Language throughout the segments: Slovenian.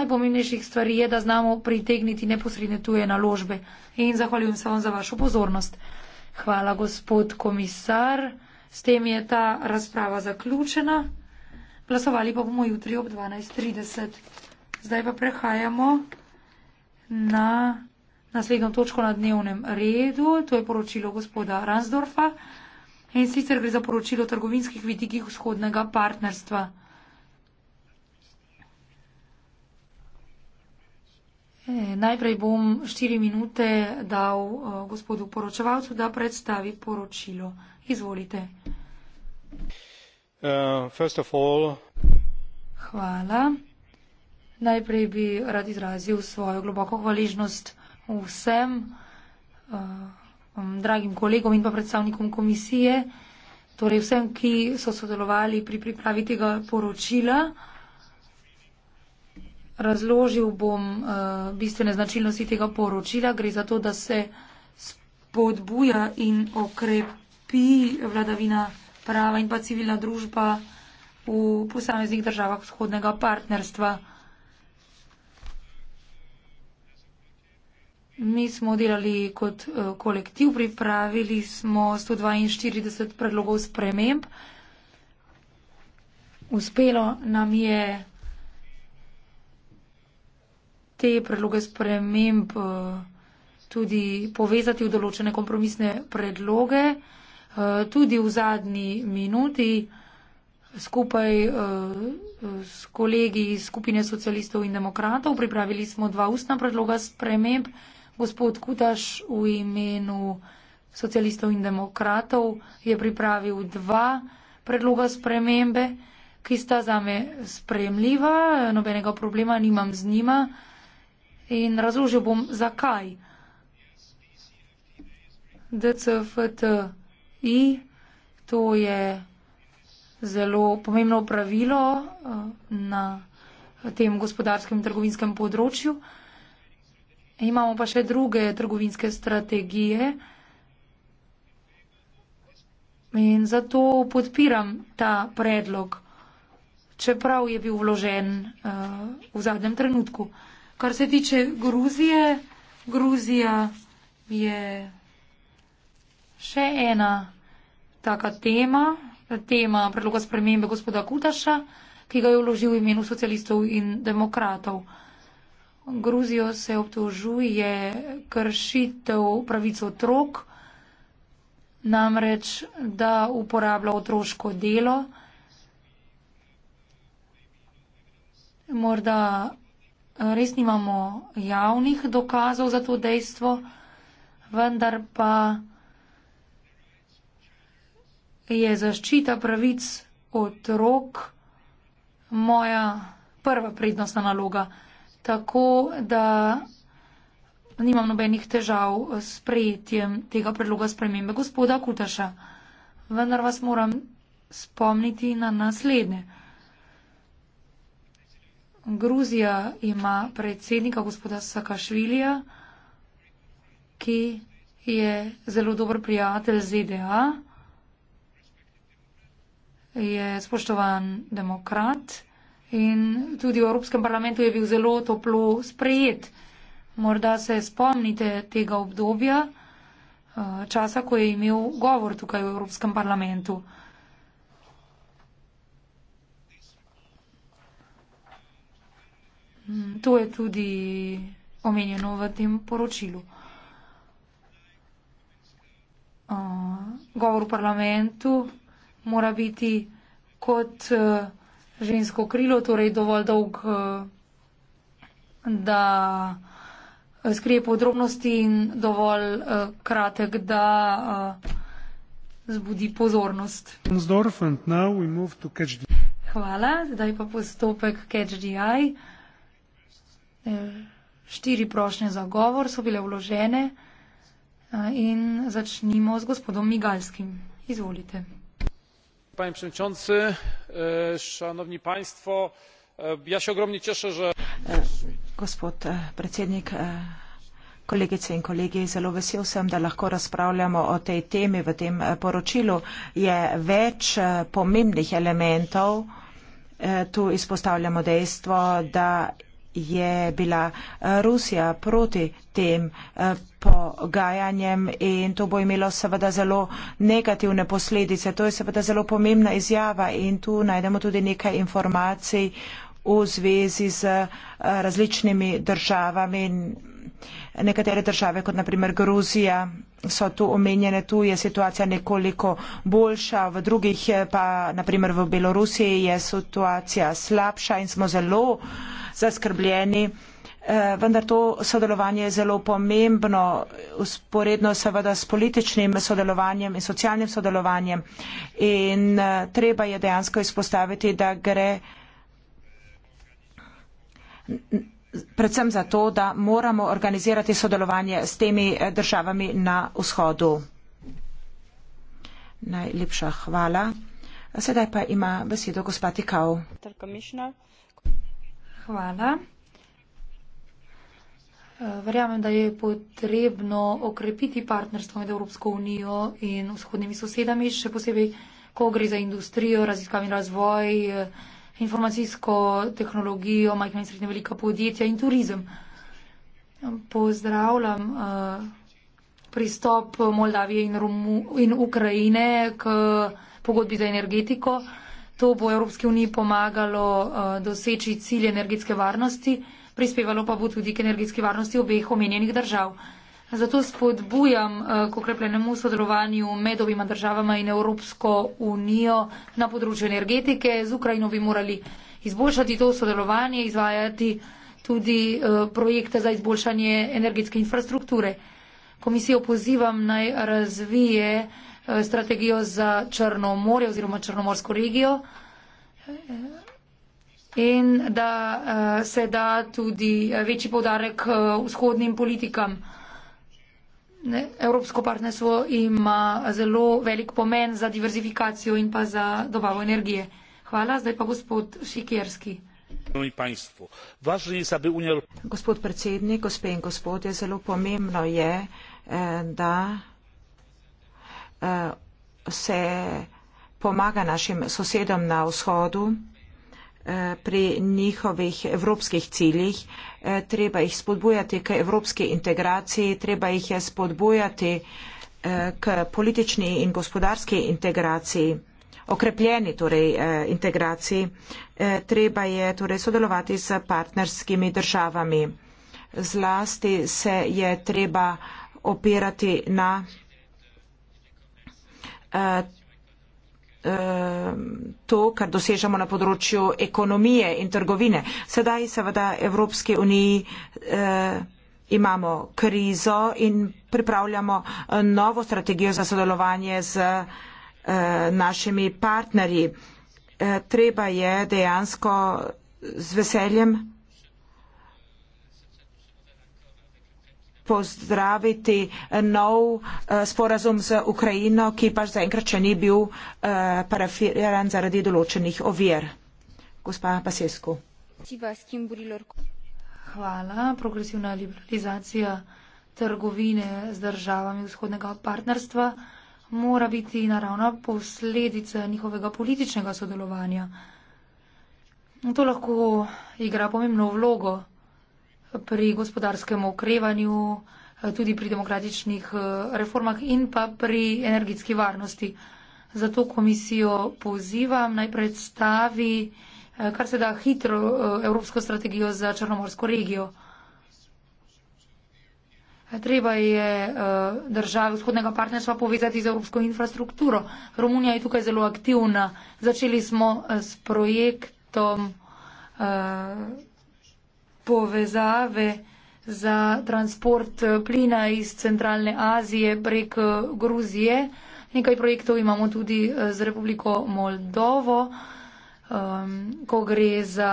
Najpomembnejših stvari je, da znamo pritegniti neposredne tuje naložbe. In zahvaljujem se vam za vašo pozornost. Hvala, gospod komisar. S tem je ta razprava zaključena. Glasovali pa bomo jutri ob 12.30. Zdaj pa prehajamo na naslednjo točko na dnevnem redu. To je poročilo gospoda Ransdorfa. In sicer gre za poročilo o trgovinskih vidikih vzhodnega partnerstva. Eh, najprej bom štiri minute dal eh, gospodu poročevalcu, da predstavi poročilo. Izvolite. Eh, Hvala. Najprej bi rad izrazil svojo globoko hvaležnost vsem dragim kolegom in pa predstavnikom komisije, torej vsem, ki so sodelovali pri pripravi tega poročila. Razložil bom uh, bistvene značilnosti tega poročila. Gre za to, da se spodbuja in okrepi vladavina prava in pa civilna družba v posameznih državah vzhodnega partnerstva. Mi smo delali kot uh, kolektiv, pripravili smo 142 predlogov sprememb. Uspelo nam je te predloge sprememb eh, tudi povezati v določene kompromisne predloge, eh, tudi v zadnji minuti skupaj eh, s kolegi iz skupine socialistov in demokratov. Pripravili smo dva ustna predloga sprememb. Gospod Kutaš v imenu socialistov in demokratov je pripravil dva predloga spremembe, ki sta zame spremljiva, nobenega problema nimam z njima in razložil bom, zakaj. DCFTI, to je zelo pomembno pravilo eh, na tem gospodarskem in trgovinskem področju. Imamo pa še druge trgovinske strategije. In zato podpiram ta predlog, čeprav je bil vložen uh, v zadnjem trenutku. Kar se tiče Gruzije, Gruzija je še ena taka tema, tema predloga spremembe gospoda Kutaša, ki ga je vložil v imenu socialistov in demokratov. Gruzijo se obtožuje kršitev pravic otrok, namreč, da uporablja otroško delo. Morda res nimamo javnih dokazov za to dejstvo, vendar pa je zaščita pravic otrok moja prva prednostna naloga. Tako da nimam nobenih težav s prejetjem tega predloga spremembe gospoda Kutaša. Vendar vas moram spomniti na naslednje. Gruzija ima predsednika gospoda Sakašvilija, ki je zelo dober prijatelj ZDA, je spoštovan demokrat in tudi v Evropskem parlamentu je bil zelo toplo sprejet. Morda se spomnite tega obdobja, eh, časa, ko je imel govor tukaj v Evropskem parlamentu. To je tudi omenjeno v tem poročilu. Uh, govor v parlamentu mora biti kot uh, žensko krilo, torej dovolj dolg, uh, da skrije podrobnosti in dovolj kratek, da zbudi pozornost. Hvala, zdaj pa postopek Catch the Eye. Štiri prošnje za govor so bile vložene in začnimo z gospodom Migalskim. Izvolite. Panie przewodniczący, e, szanowni państwo, e, ja się ogromnie cieszę, że. E, gospod predsednik, kolegice in kolegi, zelo vesel sem, da lahko razpravljamo o tej temi v tem poročilu. Je več pomembnih elementov. Tu izpostavljamo dejstvo, da je bila eh, Rusija proti tem eh, pogajanjem in to bo imelo seveda zelo negativne posledice. To je seveda zelo pomembna izjava in tu najdemo tudi nekaj informacij v zvezi z eh, različnimi državami. Nekatere države, kot naprimer Gruzija, so tu omenjene, tu je situacija nekoliko boljša, v drugih pa, naprimer v Belorusiji, je situacija slabša in smo zelo uh, zaskrbljeni. Eh, vendar to sodelovanje je zelo pomembno, usporedno seveda s političnim sodelovanjem in socialnim sodelovanjem. In eh, treba je dejansko izpostaviti, da gre predvsem za to, da moramo organizirati sodelovanje s temi eh, državami na vzhodu. Najlepša hvala. Sedaj pa ima besedo gospod Tikau. Hvala. Eh, verjamem, da je potrebno okrepiti partnerstvo med Evropsko unijo in vzhodnimi sosedami, še posebej, ko gre za industrijo, raziskav in razvoj, eh, informacijsko tehnologijo, majhna in srednja velika podjetja in turizem. Pozdravljam eh, pristop Moldavije in, Romu, in Ukrajine k pogodbi za energetiko. To bo Evropski uniji pomagalo uh, doseči cilj energetske varnosti, prispevalo pa bo tudi k energetski varnosti obeh omenjenih držav. Zato spodbujam uh, k okrepljenemu sodelovanju med obima državama in Evropsko unijo na področju energetike. Z Ukrajino bi morali izboljšati to sodelovanje, izvajati tudi uh, projekte za izboljšanje energetske infrastrukture. Komisijo pozivam naj razvije Eh, strategijo za Črno morje oziroma Črnomorsko regijo in da eh, se da tudi eh, večji povdarek vzhodnim politikam. Evropsko partnerstvo ima zelo velik pomen za diverzifikacijo in pa za dobavo energije. Hvala, zdaj pa gospod Šikerski. Gospod predsednik, gospe in gospodje, zelo pomembno je, da se pomaga našim sosedom na vzhodu eh, pri njihovih evropskih ciljih. Eh, treba jih spodbujati k evropski integraciji, treba jih spodbujati eh, k politični in gospodarski integraciji, okrepljeni torej integraciji. Treba je torej sodelovati s partnerskimi državami. Zlasti se je treba opirati na Eh, to, kar dosežemo na področju ekonomije in trgovine. Sedaj seveda Evropske unije eh, imamo krizo in pripravljamo eh, novo strategijo za sodelovanje z eh, našimi partnerji. Eh, treba je dejansko z veseljem pozdraviti nov eh, sporazum z Ukrajino, ki pač zaenkrat še ni bil eh, parafiran zaradi določenih ovir. Gospa Pasesko. Hvala. Progresivna liberalizacija trgovine z državami vzhodnega partnerstva mora biti naravna posledica njihovega političnega sodelovanja. To lahko igra pomembno vlogo pri gospodarskem okrevanju, tudi pri demokratičnih eh, reformah in pa pri energetski varnosti. Zato komisijo pozivam naj predstavi eh, kar se da hitro eh, evropsko strategijo za Črnomorsko regijo. Treba je države vzhodnega partnerstva povezati z evropsko infrastrukturo. Romunija je tukaj zelo aktivna. Začeli smo s projektom. Uh, povezave za transport plina iz Centralne Azije prek eh, Gruzije. Nekaj projektov imamo tudi eh, z Republiko Moldovo, um, ko gre za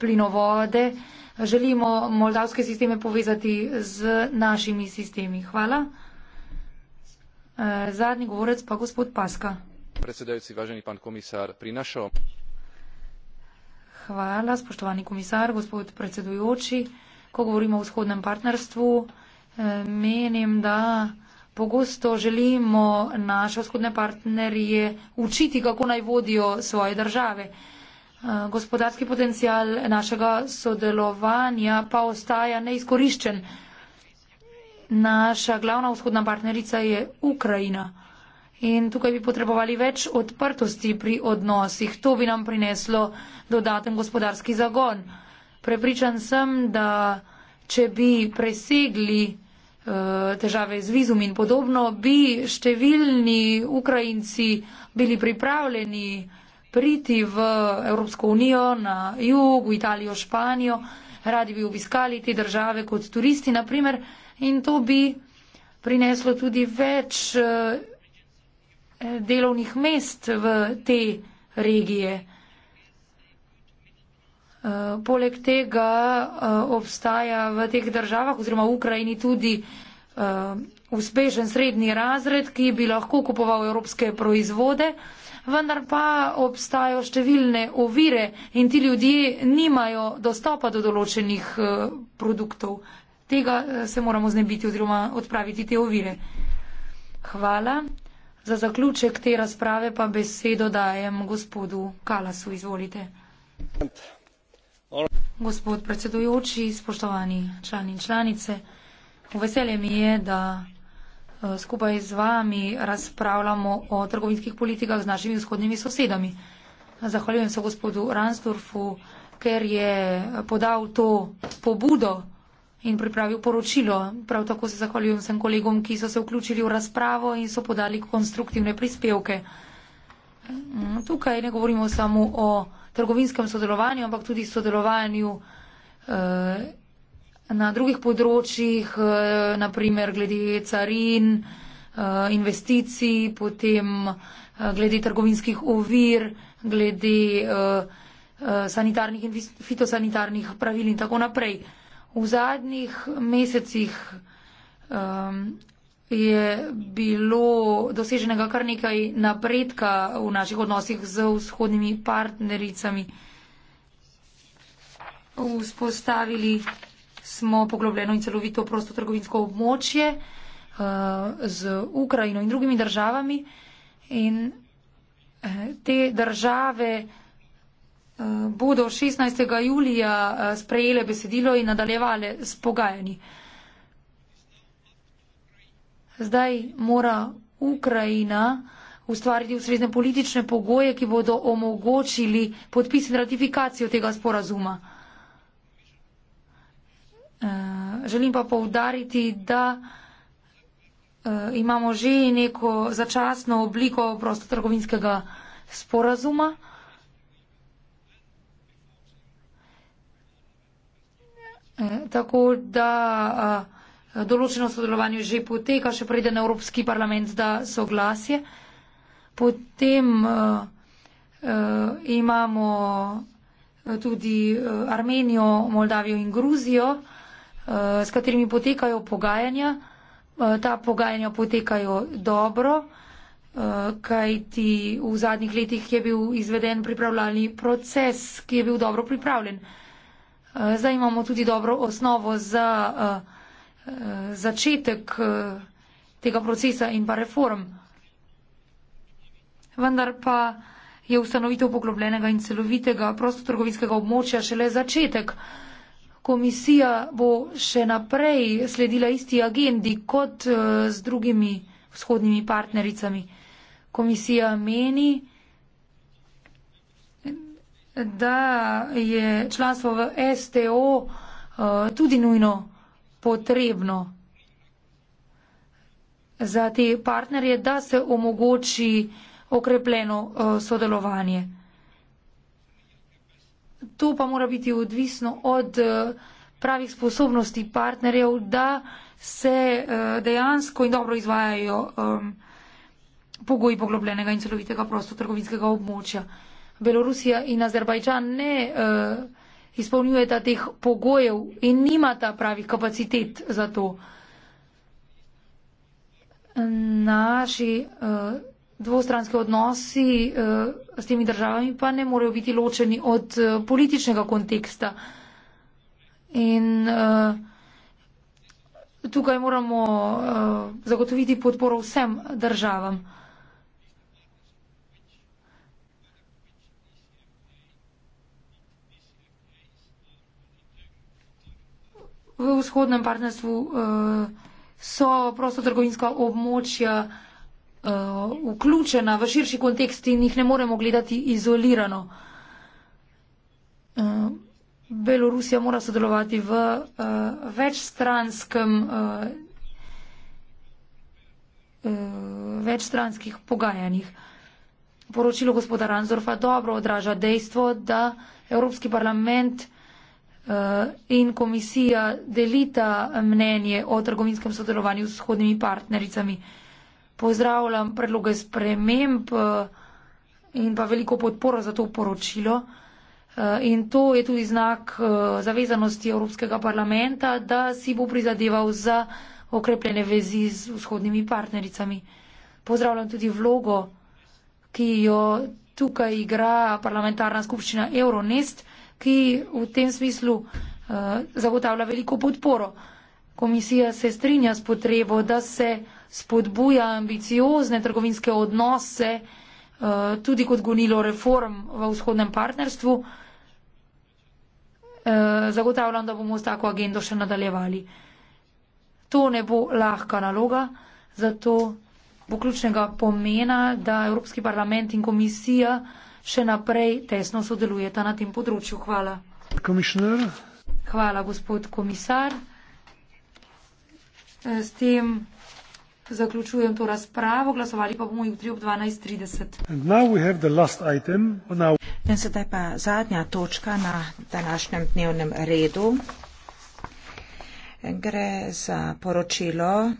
plinovode. Želimo moldavske sisteme povezati z našimi sistemi. Hvala. Eh, zadnji govorec pa gospod Paska. Predsedajci, važeni pan komisar, pri našo. Hvala, spoštovani komisar, gospod predsedujoči. Ko govorimo o vzhodnem partnerstvu, eh, menim, da pogosto želimo naše vzhodne partnerje učiti, kako naj vodijo svoje države. Eh, gospodarski potencial našega sodelovanja pa ostaja neizkoriščen. Naša glavna vzhodna partnerica je Ukrajina. In tukaj bi potrebovali več odprtosti pri odnosih. To bi nam prineslo dodaten gospodarski zagon. Prepričan sem, da če bi presegli eh, težave z vizum in podobno, bi številni Ukrajinci bili pripravljeni priti v Evropsko unijo, na jug, v Italijo, Španijo, radi bi obiskali te države kot turisti, naprimer, in to bi prineslo tudi več eh, delovnih mest v te regije. Eh, poleg tega eh, obstaja v teh državah oziroma v Ukrajini tudi eh, uspešen srednji razred, ki bi lahko kupoval evropske proizvode, vendar pa obstajajo številne ovire in ti ljudje nimajo dostopa do določenih produktov. Tega se moramo znebiti oziroma odpraviti te ovire. Hvala. Za zaključek te razprave pa besedo dajem gospodu Kalasu, izvolite. Gospod predsedujoči, spoštovani člani in članice, veselje mi je, da eh, skupaj z vami razpravljamo o trgovinskih politikah z našimi vzhodnimi sosedami. Zahvaljujem se gospodu Ransdorfu, ker je podal to pobudo in pripravil poročilo. Prav tako se zahvaljujem vsem kolegom, ki so se vključili v razpravo in so podali konstruktivne prispevke. Tukaj ne govorimo samo o trgovinskem sodelovanju, ampak tudi sodelovanju eh, na drugih področjih, eh, naprimer glede carin, eh, investicij, potem glede trgovinskih ovir, glede sanitarnih in fitosanitarnih pravil in tako naprej. V zadnjih mesecih um, je bilo doseženega kar nekaj napredka v naših odnosih z vzhodnimi partnericami. Vzpostavili smo poglobljeno in celovito prostotrgovinsko območje uh, z Ukrajino in drugimi državami in eh, te države. Eh, bodo 16. julija eh, sprejele besedilo in nadaljevale s pogajanji. Zdaj mora Ukrajina ustvariti ustrezne politične pogoje, ki bodo omogočili podpis in ratifikacijo tega sporazuma. Eh, želim pa povdariti, da imamo že neko začasno obliko prostotrgovinskega sporazuma. Mm, tako da določeno sodelovanje že poteka, še preden Evropski parlament da soglasje. Potem imamo tudi Armenijo, Moldavijo in Gruzijo, s katerimi potekajo pogajanja. Ta pogajanja potekajo dobro, kajti v zadnjih letih je bil izveden pripravljalni proces, ki je bil dobro pripravljen. Eh, zdaj imamo tudi dobro osnovo za eh, eh, začetek tega procesa in pa reform. Vendar pa je ustanovitev poglobljenega in celovitega prostotrgovinskega območja šele začetek. Komisija bo še naprej sledila isti agendi kot z drugimi vzhodnimi partnericami. Komisija meni, da je članstvo v STO eh, tudi nujno potrebno za te partnerje, da se omogoči okrepljeno eh, sodelovanje. To pa mora biti odvisno od eh, pravih sposobnosti partnerjev, da se dejansko in dobro izvajajo pogoji poglobljenega in celovitega prostotrgovinskega območja. Belorusija in Azerbajdžan ne uh, izpolnjujeta teh pogojev in nimata pravih kapacitet za to. Naši uh, dvostranski odnosi uh, s temi državami pa ne morejo biti ločeni od uh, političnega konteksta. In uh, tukaj moramo uh, zagotoviti podporo vsem državam. v vzhodnem partnerstvu uh, so prostotrgovinska območja uh, vključena v širši kontekst in jih ne moremo gledati izolirano. Uh, Belorusija mora sodelovati v uh, večstranskem, uh, uh, večstranskih pogajanjih. Poročilo gospoda Ranzorfa dobro odraža dejstvo, da Evropski parlament uh, Eh, in komisija delita mnenje o trgovinskem sodelovanju s shodnimi partnericami. Pozdravljam predloge sprememb eh, in pa veliko podporo za to poročilo. Eh, in to je tudi znak zavezanosti Evropskega parlamenta, da si bo prizadeval za okrepljene vezi z vzhodnimi partnericami. Pozdravljam tudi vlogo, ki jo tukaj igra parlamentarna skupščina Euronest, ki v tem smislu eh, zagotavlja veliko podporo. Komisija se strinja s potrebo, da se spodbuja ambiciozne trgovinske odnose eh, tudi kot gonilo reform v vzhodnem partnerstvu. Eh, zagotavljam, da bomo s tako agendo še nadaljevali. To ne bo lahka naloga, zato bo ključnega pomena, da Evropski parlament in komisija še naprej tesno sodelujeta na tem področju. Hvala. Komisar. Hvala, gospod komisar. S tem zaključujem to razpravo. Glasovali pa bomo jutri ob 12.30. Now... In sedaj pa zadnja točka na današnjem dnevnem redu. Gre za poročilo